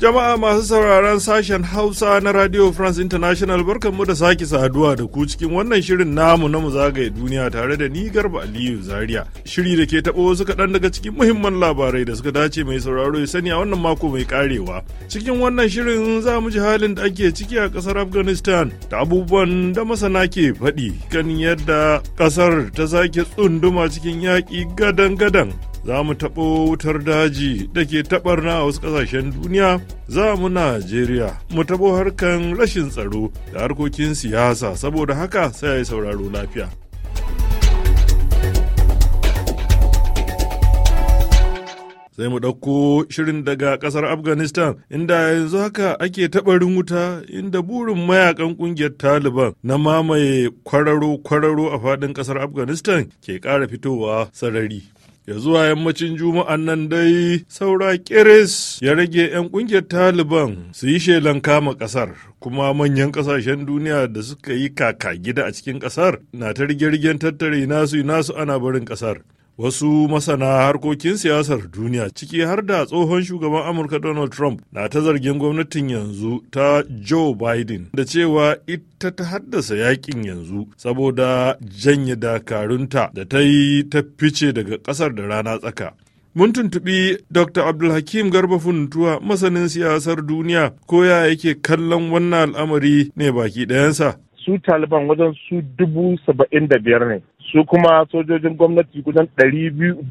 Jama'a masu sauraron sashen Hausa na Radio France International mu da sake saduwa da ku cikin wannan shirin namu na mu zagaye duniya tare da ni Garba Aliyu Zaria. Shiri da ke taɓo wasu kaɗan daga cikin muhimman labarai da suka dace mai sauraro ya sani a wannan mako mai karewa. Cikin wannan shirin za mu ji halin da ake ciki a ƙasar Afghanistan da abubuwan da masana ke faɗi kan yadda ƙasar ta sake tsunduma cikin yaƙi gadan-gadan za mu taɓo wutar daji da ke taɓarna a wasu ƙasashen duniya za mu najeriya mu taɓo harkan rashin tsaro da harkokin siyasa saboda haka sai ya yi sauraro lafiya sai mu ɗauko shirin daga ƙasar afghanistan inda yanzu haka ake taɓarin wuta inda burin mayakan ƙungiyar taliban na mamaye kwararo-kwararo a faɗin ƙasar afghanistan ke ƙara fitowa sarari ya zuwa yammacin juma'an nan dai saura kiris ya rage 'yan kungiyar taliban su yi shelan kama kasar kuma manyan kasashen duniya da suka yi kaka gida a cikin kasar na ta rige-rigen tattare nasu nasu ana barin kasar Wasu masana harkokin siyasar duniya ciki har da tsohon shugaban Amurka Donald Trump na ta zargin gwamnatin yanzu ta Joe Biden da cewa ita ta haddasa yakin yanzu saboda janye dakarunta da ta yi ta fice daga ƙasar da rana tsaka. Mun tuntuɓi Dr. Abdulhakim Garba Funtuwa masanin siyasar duniya ko ya yake kallon wannan al'amari ne baki ɗayansa. su taliban wajen su dubu saba'in da biyar ne su kuma sojojin gwamnati kusan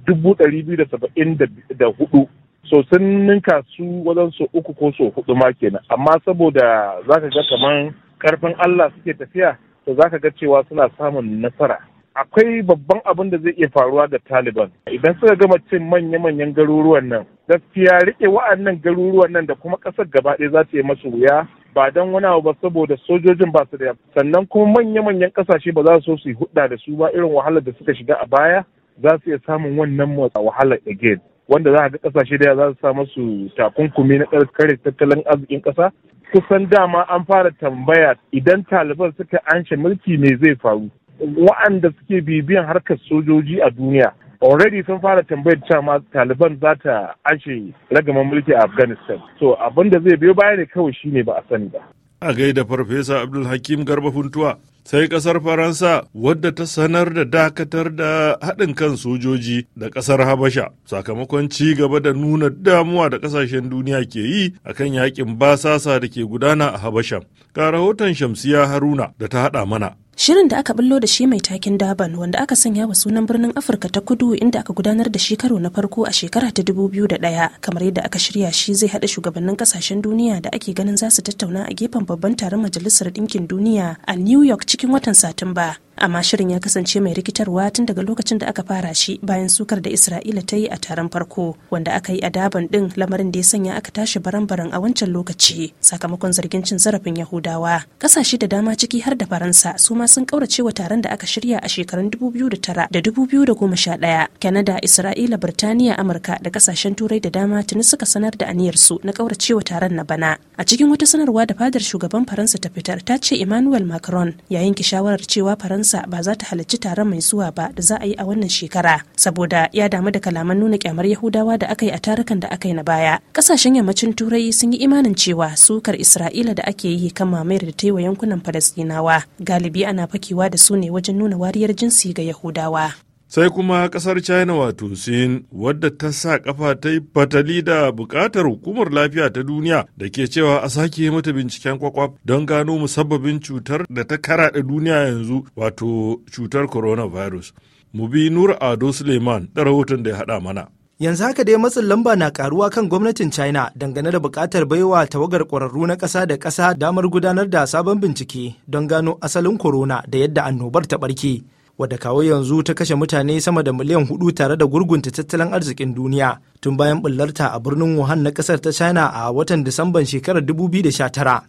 dubu ɗari biyu da saba'in da hudu so sun ninka su wajen so uku ko so hudu ma kenan amma saboda za ka ga kaman karfin Allah suke tafiya to za ka ga cewa suna samun nasara akwai babban abin da zai iya faruwa ga Taliban idan suka gama cin manya-manyan garuruwan nan gaskiya riƙe wa'annan garuruwan nan da kuma ƙasar gaba ɗaya za ta yi masu wuya ba don wani abu ba saboda sojojin ba su da sannan kuma manya-manyan kasashe ba za su so su yi hudda da su ba irin wahalar da suka shiga a baya za su iya samun wannan motsa wahalar again wanda za a ga kasashe da za su sa masu takunkumi na kare tattalin arzikin kasa kusan dama an fara tambaya idan taliban suka anshe mulki ne zai faru wa'anda suke bibiyan harkar sojoji a duniya already sun fara tambayar cewa ma taliban za ta ashe ragaman mulki a afghanistan so abin da zai biyo baya ne kawai shine ba a sani ba a gaida farfesa abdul hakim garba funtuwa sai kasar faransa wadda ta sanar da dakatar da haɗin kan sojoji da kasar habasha sakamakon ci gaba da nuna damuwa da kasashen duniya ke yi akan yakin basasa da ke gudana a habasha ga rahoton shamsiya haruna da ta haɗa mana Shirin da aka bullo da shi mai takin Daban wanda aka sanya wa sunan birnin Afirka ta Kudu inda aka gudanar da shi karo na farko a shekara ta 2001 kamar yadda aka shirya shi zai haɗa shugabannin kasashen duniya da ake ganin za su tattauna a gefen babban taron Majalisar ɗinkin Duniya a New York cikin watan Satumba. amma shirin ya kasance mai rikitarwa tun daga lokacin da aka fara shi bayan sukar da isra'ila ta yi a taron farko wanda aka yi a daban din lamarin da ya sanya aka tashi baran-baran a wancan lokaci sakamakon zargin cin zarafin yahudawa kasashe da dama ciki har da faransa su ma sun kaurace wa taron da aka shirya a shekarun 2009 da 2011 canada isra'ila birtaniya amurka da kasashen turai da dama tuni suka sanar da aniyarsu na kaurace wa taron na bana a cikin wata sanarwa da fadar shugaban faransa ta fitar ta ce emmanuel macron ya yanke shawarar cewa faransa matarsa ba za ta halarci taron mai zuwa ba da za a yi a wannan shekara saboda ya damu da kalaman nuna kyamar yahudawa da aka yi a tarukan da aka yi na baya kasashen yammacin turai sun yi imanin cewa sukar isra'ila da ake yi kan mamayar da ta yi wa yankunan falastinawa galibi ana fakewa da su ne wajen nuna wariyar jinsi ga yahudawa sai kuma kasar china wato sin wadda ta sa kafa ta yi fatali da bukatar hukumar lafiya ta duniya da ke cewa a sake mata binciken kwakwaf don gano musabbabin cutar da ta karaɗa duniya yanzu wato cutar coronavirus mu bi nur ado suleiman da rahoton da ya haɗa mana Yanzu haka dai matsin lamba na karuwa kan gwamnatin China dangane da bukatar baiwa tawagar ƙwararru na ƙasa da ƙasa damar gudanar da sabon bincike don gano asalin corona da yadda annobar ta ɓarke. wadda kawo yanzu ta kashe mutane sama da miliyan hudu tare da gurgunta tattalin arzikin duniya tun bayan bullarta a birnin Wuhan na kasar ta China a watan Disamban shekarar 2019.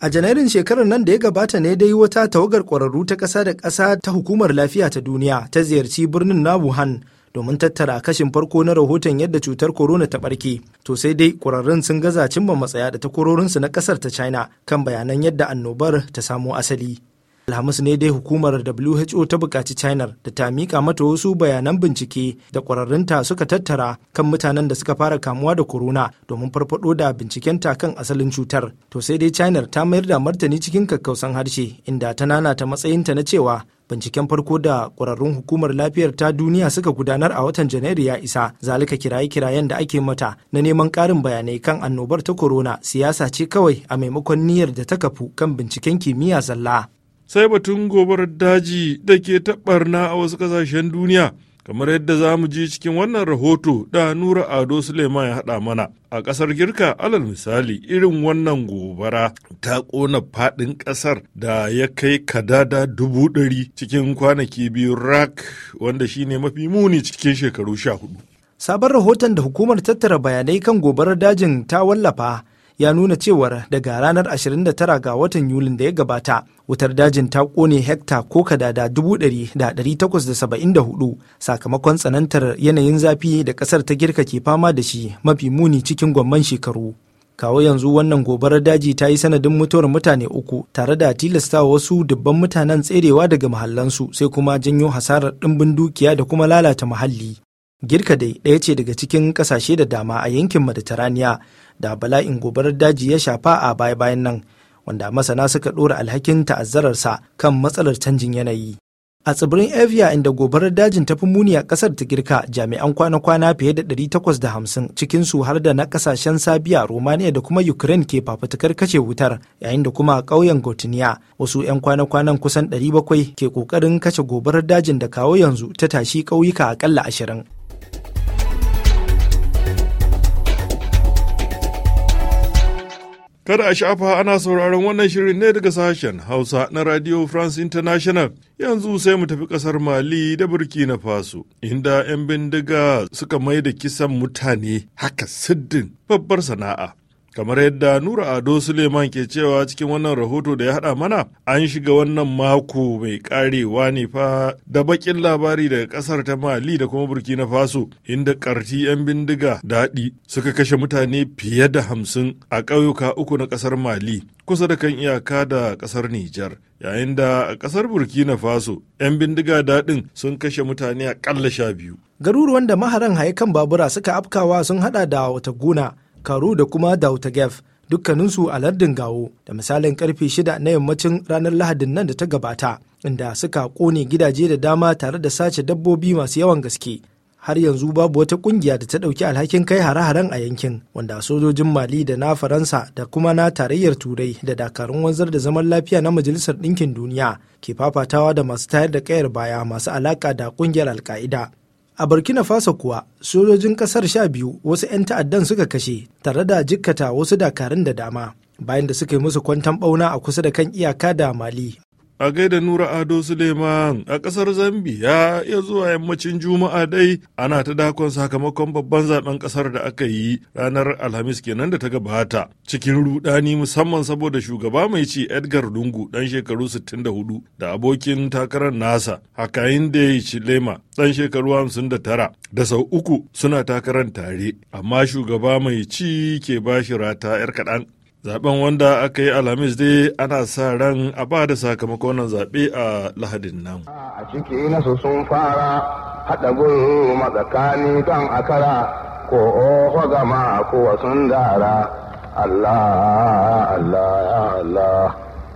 A janairun shekarar nan da ya gabata ne dai wata tawagar ƙwararru ta ƙasa da ƙasa ta hukumar lafiya ta duniya ta ziyarci birnin na Wuhan domin tattara kashin farko na rahoton yadda cutar korona ta barke to sai dai ƙwararrun sun gaza cimma matsaya da takwarorinsu na ƙasar ta china kan bayanan yadda annobar ta samo asali alhamis ne dai hukumar who ta bukaci china da ta mika mata wasu bayanan bincike da ƙwararrunta suka tattara kan mutanen da suka fara kamuwa da korona domin farfaɗo da bincikenta kan asalin cutar to sai dai china ta mayar da martani cikin kakkausan harshe inda ta nanata matsayinta na cewa binciken farko da ƙwararrun hukumar lafiyar ta duniya suka gudanar a watan janairu ya isa zalika kiraye-kirayen da ake mata na neman ƙarin bayanai kan annobar ta corona siyasa ce kawai a maimakon niyyar da ta kafu kan binciken kimiyya zalla sai batun gobarar daji da ke taɓarna a wasu ƙasashen duniya kamar yadda za mu ji cikin wannan rahoto da nura ado suleiman ya haɗa mana a ƙasar girka alal misali irin wannan gobara ta ƙona faɗin ƙasar da ya kai kadada dubu ɗari cikin kwanaki biyu rak wanda shine mafi muni cikin shekaru sha hudu sabon rahoton da hukumar tattara bayanai kan gobarar dajin ta wallafa ya nuna cewar daga ranar 29 ga watan Yulin da ya gabata wutar dajin ta kone hekta ko kadada 1,874 sakamakon tsanantar yanayin zafi da kasar ta girka ke fama da shi mafi muni cikin gwamman shekaru. kawo yanzu wannan gobarar daji ta yi sanadin mutuwar mutane uku tare da tilasta wasu dubban mutanen tserewa daga mahallansu sai kuma janyo hasarar ɗimbin dukiya da kuma lalata muhalli Girka dai ɗaya ce daga cikin ƙasashe da dama a yankin Mediterania da bala'in gobarar daji ya shafa a baya-bayan nan, wanda masana suka ɗora alhakin ta'azzararsa kan matsalar canjin yanayi. A tsibirin Evia inda gobarar dajin ta fi muni a ƙasar ta girka jami'an kwana-kwana fiye da ɗari takwas da 850 su har da na ƙasashen Sabiya, Romania da kuma Ukraine ke fafutukar kashe wutar yayin da kuma ƙauyen Gotiniya wasu 'yan kwana-kwanan kusan 700 ke ƙoƙarin kashe gobarar dajin da kawo yanzu ta tashi ƙauyuka aƙalla ashirin. Kada a shafa ana sauraron wannan shirin ne daga sashen Hausa na Radio France International. Yanzu sai mu tafi kasar Mali da Burkina Faso, inda 'yan bindiga suka mai da kisan mutane haka siddin babbar sana'a. kamar yadda nura ado suleiman ke cewa cikin wannan rahoto da ya hada mana an shiga wannan mako mai karewa ne fa da bakin labari daga kasar ta mali da kuma burkina faso inda karti 'yan bindiga daɗi suka kashe mutane fiye da hamsin a ƙauyuka uku na kasar mali kusa da kan iyaka da kasar nijar yayin da a kasar burkina faso 'yan bindiga daɗin sun kashe mutane a sha biyu garuruwan da maharan haye kan babura suka afkawa sun hada da wata gona Karu da kuma Dautagef dukkaninsu a lardin Gawo da misalin karfe shida na yammacin ranar Lahadin nan da ta gabata inda suka kone gidaje da dama tare da sace dabbobi masu yawan gaske. Har yanzu babu wata kungiya da ta ɗauki alhakin kai hare-haren a yankin wanda sojojin Mali da na Faransa da kuma na tarayyar Turai da dakarun wanzar da zaman lafiya na Majalisar Ɗinkin Duniya ke fafatawa da masu tayar da kayar baya masu alaka da kungiyar Alka'ida. A Burkina Faso kuwa sojojin kasar sha biyu wasu 'yan ta'addan suka kashe tare da jikkata wasu dakarun da dama bayan da suka yi musu kwantan bauna a kusa da kan iyaka da Mali. a gaida Nura Ado Suleiman a ƙasar Zambiya ya zuwa yammacin Juma'a dai ana ta dakon sakamakon babban zaben ƙasar da aka yi ranar Alhamis kenan da ta gabata cikin rudani musamman saboda shugaba mai ci Edgar Lungu dan shekaru 64 da abokin takarar nasa Hakainde Chilema dan shekaru 59 da sau uku suna takarar tare amma shugaba mai ci ke bashi rata 'yar kaɗan zaben wanda aka yi alhamis dai ana sa ran a ba da sakamakon nan zaɓe a lahadin nan a ciki na su sun fara haɗa guru matsakani kan akara ko oho gama ko sun dara allah allah ya allah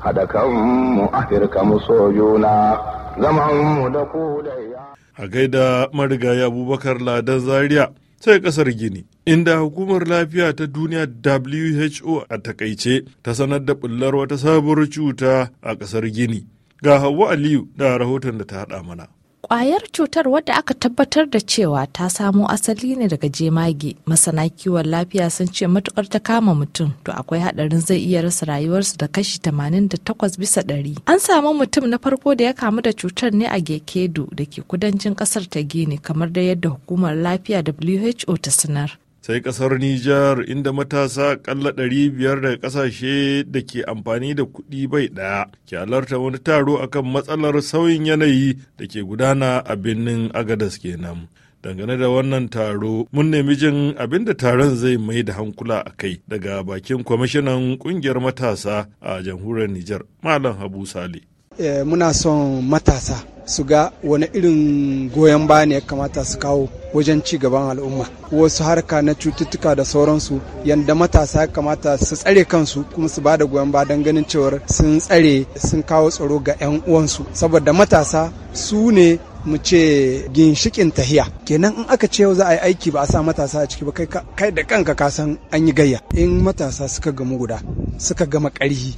haɗa kanmu afirka mu so juna zaman mu da ku da ya a gaida marigayi abubakar ladan zaria sai kasar gini inda hukumar lafiya ta duniya WHO a takaice ta sanar da bullar wata sabuwar cuta a kasar Gini. Ga Hauwa Aliyu da rahoton da ta haɗa mana. Kwayar cutar wadda aka tabbatar da cewa ta samo asali ne daga jemage masana kiwon lafiya sun ce matukar ta kama mutum to akwai haɗarin zai iya rasa rayuwarsa da kashi 88 bisa ɗari. An samu mutum na farko da ya kamu da cutar ne a Gekedu da ke kudancin ƙasar ta Gini kamar da yadda hukumar lafiya WHO ta sanar. sai kasar Nijar inda matasa kalla 500 daga kasashe da ke amfani da kuɗi bai ɗaya ke halarta wani taro akan matsalar sauyin yanayi da ke gudana a birnin Agadas kenan. Dangane da wannan taro, mun nemi jin abin da taron zai mai da hankula a kai daga bakin kwamishinan ƙungiyar matasa a jamhuriyar Nijar, Malam Habu Sale. Eh, muna son matasa su ga wani irin goyon ba ne ya kamata su kawo wajen ci gaban al'umma wasu harka na cututtuka da sauransu yadda matasa kamata su tsare kansu kuma su bada goyon ba don ganin cewar sun tsare sun kawo tsaro ga 'yan uwansu saboda matasa su ne mu ce ginshikin tahiya kenan in aka ce yau za a yi aiki ba a sa matasa a ciki ba kai da kanka ka san an yi gayya in matasa suka gamu guda suka gama karhi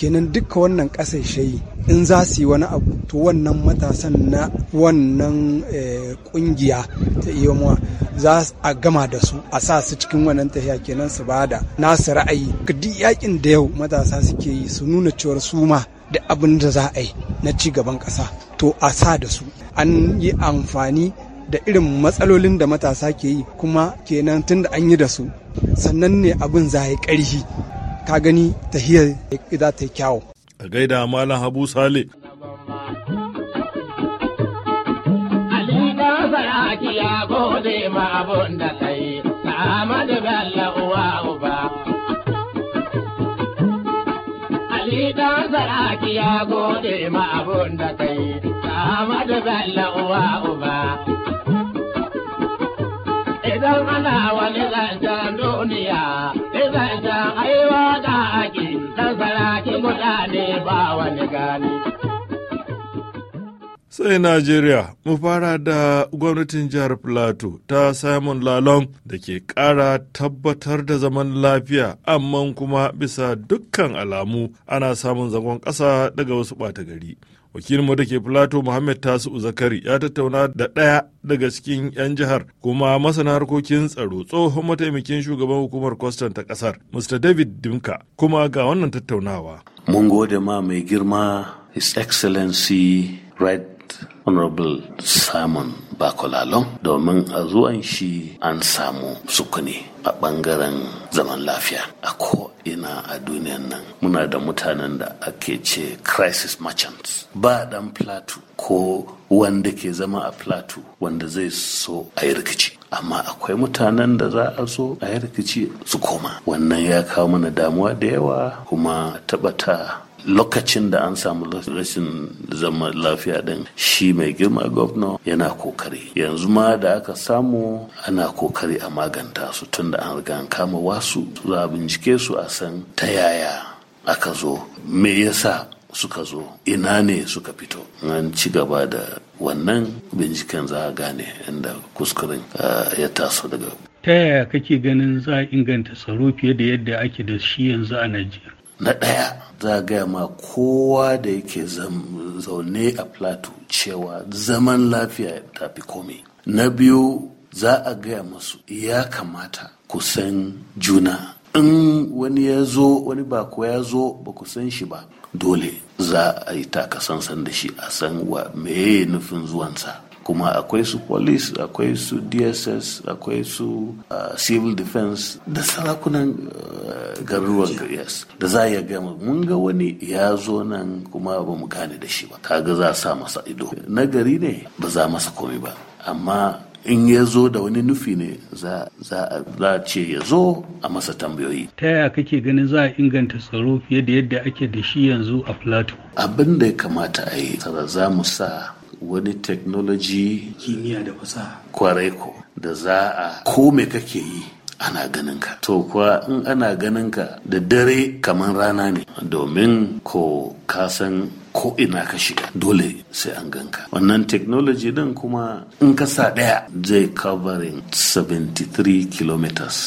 kenan duka wannan kasashe in za su yi wani abu to wannan matasan na wannan kungiya eh, ta e za a gama da su a sa su cikin wannan tafiya kenan su da nasu ra'ayi duk yakin da yau matasa suke yi su nuna cewar su ma da abin da za a yi na ci gaban ƙasa to a sa da su an yi amfani da irin matsalolin da matasa ke yi kuma kenan tun da an yi da su sannan ne abin za a yi ƙarfi ka gani tahiyar za ta yi kyawo. A gaida Malam Habu Sale. ya da ta yi, ta Bello uwa da Idan ana wani ba wani gani. Sai Najeriya, mu fara da gwamnatin jihar Plateau ta Simon Lalong da ke kara tabbatar da zaman lafiya, amma kuma bisa dukkan alamu ana samun zagon ƙasa daga wasu ɓata gari. wakilin da ke plato muhammad tasu zakari ya tattauna da ɗaya daga cikin 'yan jihar kuma masana harkokin tsaro tsohon mataimakin shugaban hukumar kwastan ta ƙasar mr david dimka kuma ga wannan tattaunawa mun gode ma mai girma his excellency right honorable simon bakolalo domin a zuwan shi an samu sukuni a ɓangaren zaman lafiya a kowa. ina a duniyan nan muna da mutanen da ake ce crisis merchants ba dan plato ko wanda ke zama a plato wanda zai so a yi rikici amma akwai mutanen da za a so a yi rikici su koma wannan ya kawo mana damuwa da yawa kuma tabbata lokacin da an samu rashin zama lafiya din shi mai girma gwamna yana kokari yanzu ma da aka samu ana kokari a maganta su tunda an riga an kama wasu za a bincike su a san ta yaya aka zo me yasa suka zo ina ne suka fito an ci gaba da wannan binciken za a gane inda kuskuren ah, ya taso daga ta yaya kake ganin za a inganta tsaro fiye da yadda ake da shi yanzu a najeriya na ɗaya za a gaya ma kowa da yake zaune a plateau cewa zaman lafiya tafi komai na biyu za a gaya masu. ya kamata ku san juna in wani ya zo wani ba ko ya zo ba ku san shi ba dole za a yi takasansan da shi a san wa me nufin zuwansa kuma akwai su police akwai su dss akwai su uh, civil defense da sarakunan uh, garuruwan yes da za ya gama mun ga wani ya zo nan kuma ba mu gane da shi ba kaga za sa masa ido na gari ne ba za masa komai ba amma in ya zo da wani nufi ne za a ce ya zo a masa tambayoyi. Ta yaya kake ganin za a inganta tsaro fiye da yadda ake da shi yanzu a Plateau? Abin da ya kamata a yi, za mu sa wani technology kimiyya da fasaha kwarai ko da za a ko me kake yi ana ganin ka to kuwa in ana ganin ka da dare kamar rana ne domin ko kasan ko ina ka shiga dole sai an ganka wannan technology din kuma in ka sa daya zai covering 73 kilometers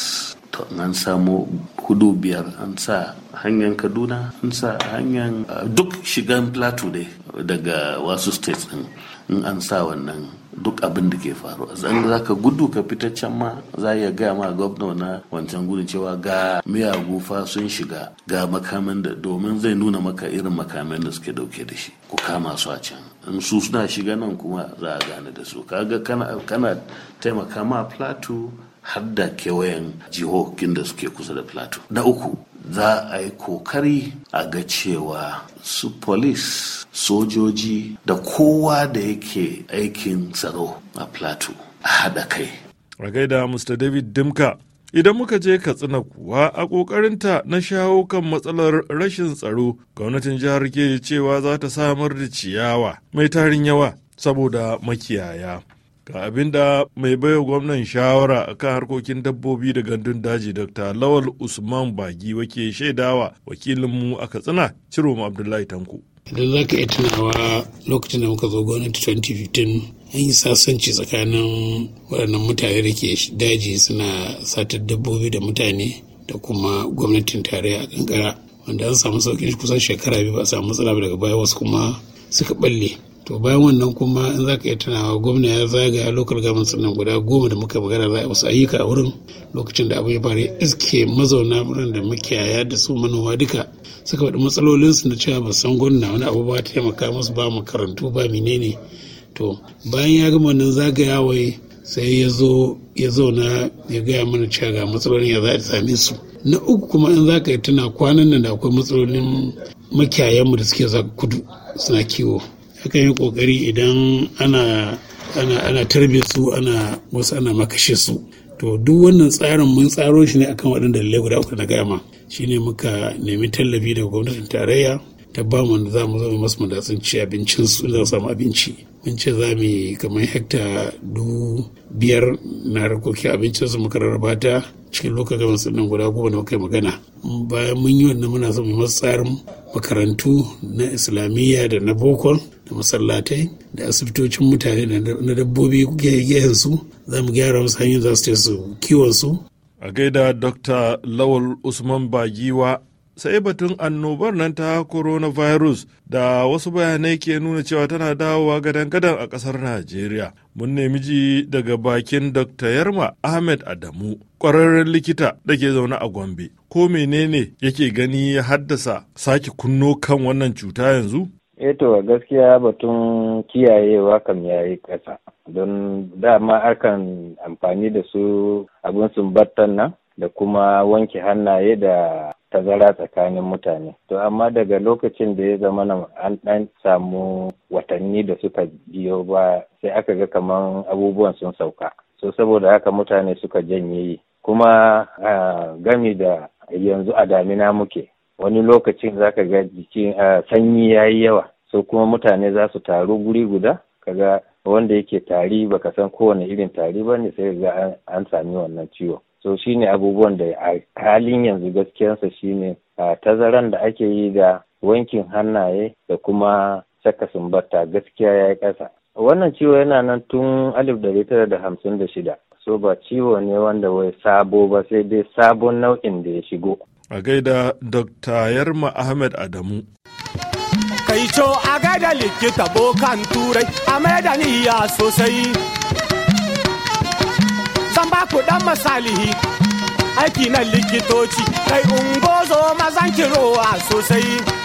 an samo hudu biyar an sa hanyar kaduna an sa hanyar ah, duk shigan plateau dai daga wasu states din in an sa wannan duk abin da ke faru zan za ka gudu ka fita can ma za a gaya ma gwamna na wancan gudun cewa ga miyagu fa sun shiga ga makamin da domin zai nuna maka irin makamin da suke dauke da shi ku kama su a can in su suna shiga nan kuma za a gane da su kaga kana taimaka ma plateau har da kewayen jihohin da suke kusa da plateau na uku za a yi kokari a ga cewa su police, sojoji da kowa da yake aikin tsaro a plateau a haɗa kai a gaida mr david dimka idan muka je katsina kuwa a ƙoƙarinta na shawo kan matsalar rashin tsaro gwamnatin jihar ke cewa za ta samar da ciyawa mai tarin yawa saboda makiyaya Ga abinda mai baiwa gwamnan shawara a kan harkokin dabbobi da gandun daji Dr. Lawal Usman Bagi wake shaidawa wakilinmu a Katsina mu Abdullahi Tanko. Idan za ka iya tunawa lokacin da muka zo gwamnati 2015 an yi sasanci tsakanin waɗannan mutane da ke daji suna satar dabbobi da mutane da kuma gwamnatin tarayya a kankara wanda an samu sauƙin kusan shekara biyu ba a samu matsala daga baya wasu kuma suka balle to bayan wannan kuma in za ka iya tunawa gwamna ya zagaya lokal government sannan guda goma da muka magana za a wasu ayyuka a wurin lokacin da abu ya faru iske mazauna wurin da makiyaya da su manoma duka suka faɗi matsalolinsu na cewa ba san gwamna wani abu ba taimaka musu ba makarantu ba menene to bayan ya gama wannan zagayawai sai ya zo ya zauna ya gaya mana cewa ga matsalolin ya za a same su na uku kuma in za ka yi tuna kwanan nan da akwai matsalolin makiyayanmu da suke za kudu suna kiwo aka yi kokari idan ana ana ana tarbe su ana wasu ana makashe su to duk wannan tsarin mun tsaro shi ne akan waɗanda dalilai guda uku na gama shine muka nemi tallafi daga gwamnatin tarayya ta ba mu za mu zama masu madatsun ci abincin su za samu abinci mun ce za mu yi kamar hekta du biyar na harkokin abincin su muka rarraba ta cikin lokacin gaban sannan guda goma da muka magana bayan mun yi wannan muna son mu masu tsarin makarantu na islamiyya da na boko da masallatai da asibitocin mutane na dabbobi gehen su za mu gyara wasu hanyar za su su kiwon su a gaida dr lawal usman bagiwa sai batun annobar nan ta coronavirus da wasu bayanai ke nuna cewa tana dawowa gadan-gadan a kasar najeriya mun nemi ji daga bakin Dr. Yarma Ahmed Adamu, ƙwararren likita da ke zaune a Gombe. Ko menene yake gani ya haddasa sake kunno kan wannan cuta yanzu? Eto eh gaskiya batun kiyayewa kam yayi ƙasa. Don dama akan amfani da su abin sumbattan nan da kuma wanke hannaye da tazara tsakanin mutane. To amma daga lokacin da ya zama na an ɗan samu watanni da suka biyo ba sai aka ga kamar abubuwan sun sauka. So saboda haka mutane suka janye yi kuma gami da yanzu a damina muke wani lokacin za ka ga jikin sanyi ya yi yawa so kuma mutane za su taru guri guda ka ga wanda yake tari baka san kowane irin tari ba ne sai ga an sami wannan ciwo so shine abubuwan da a halin yanzu gaskiyarsa shine a tazaran da ake yi da wankin hannaye da kuma saka sumbata gaskiya ya yi ƙasa wannan ciwo yana nan tun alif ɗari tara da hamsin da shida so ba ciwo ne wanda wai sabo ba sai dai sabon nau'in da ya shigo a gaida dr yarma ahmed adamu kai co a gaida likita bokan turai a mai da niyya sosai zan ba ku dan misalihi aiki na likitoci kai ungozo mazan kirowa sosai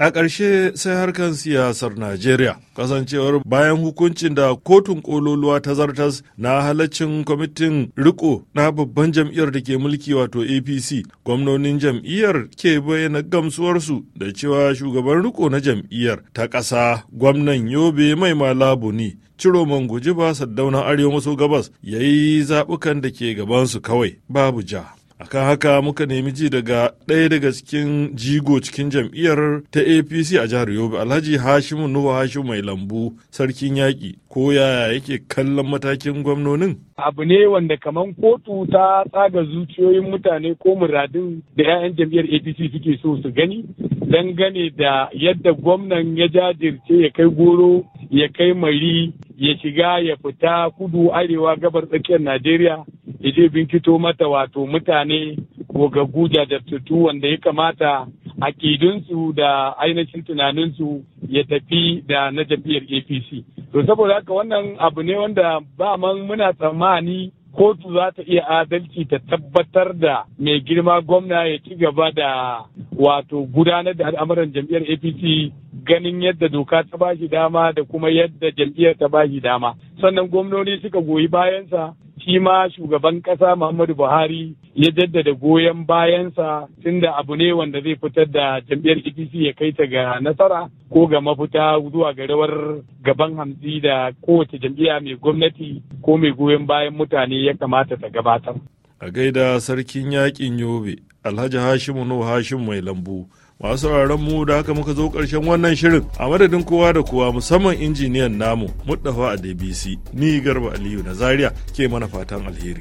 A ƙarshe sai harkar siyasar Najeriya, kasancewar bayan hukuncin da kotun ƙololuwa ta zartas na halaccin kwamitin riko na babban jam'iyyar da ke mulki wato APC, gwamnonin jam'iyyar ke bayyana gamsuwarsu da cewa shugaban riko na jam'iyyar ta ƙasa gwamnan Yobe mai malabu ne. Ciro Manguji ba daunan arewa maso gabas ya yi zaɓukan da ke gabansu kawai babu ja. akan haka muka nemi ji daga ɗaya daga cikin jigo cikin jam'iyyar ta apc a jihar yobe alhaji hashimu nuhu hashimu mai lambu sarkin yaƙi ko yaya yake kallon matakin gwamnonin abu ne wanda kamar kotu ta tsaga zuciyoyin mutane ko muradin da 'ya'yan jam'iyyar apc suke so su gani dangane da yadda gwamnan ya jajirce ya kai goro ya kai mari ya shiga ya fita kudu arewa gabar tsakiyar najeriya ya je binkito mata wato mutane gogaggu jajirtattu wanda ya kamata akidunsu da ainihin tunaninsu ya tafi da na jam'iyyar apc to saboda haka wannan abu ne wanda ba man muna tsammani kotu za ta iya adalci ta tabbatar da mai girma gwamna ya ci gaba da wato gudanar da al'amuran jam'iyyar apc ganin yadda doka ta bashi dama da kuma yadda jam'iyyar ta bashi dama sannan gwamnoni suka goyi bayansa shi ma shugaban ƙasa Muhammadu Buhari ya jaddada goyon bayansa tunda abu ne wanda zai fitar da jam'iyyar APC ya kai ta ga nasara ko ga mafita zuwa ga rawar gaban hamsi da kowace jam'iyya mai gwamnati ko mai goyon bayan mutane ya kamata ta gabatar. A gaida sarkin yakin Yobe, Alhaji Hashimu Nuhu hashimu mai lambu. masu sauraron mu da haka muka zo ƙarshen wannan shirin a madadin kowa da kowa musamman injiniyan namu muddafa a dbc ni garba aliyu na zaria ke mana fatan alheri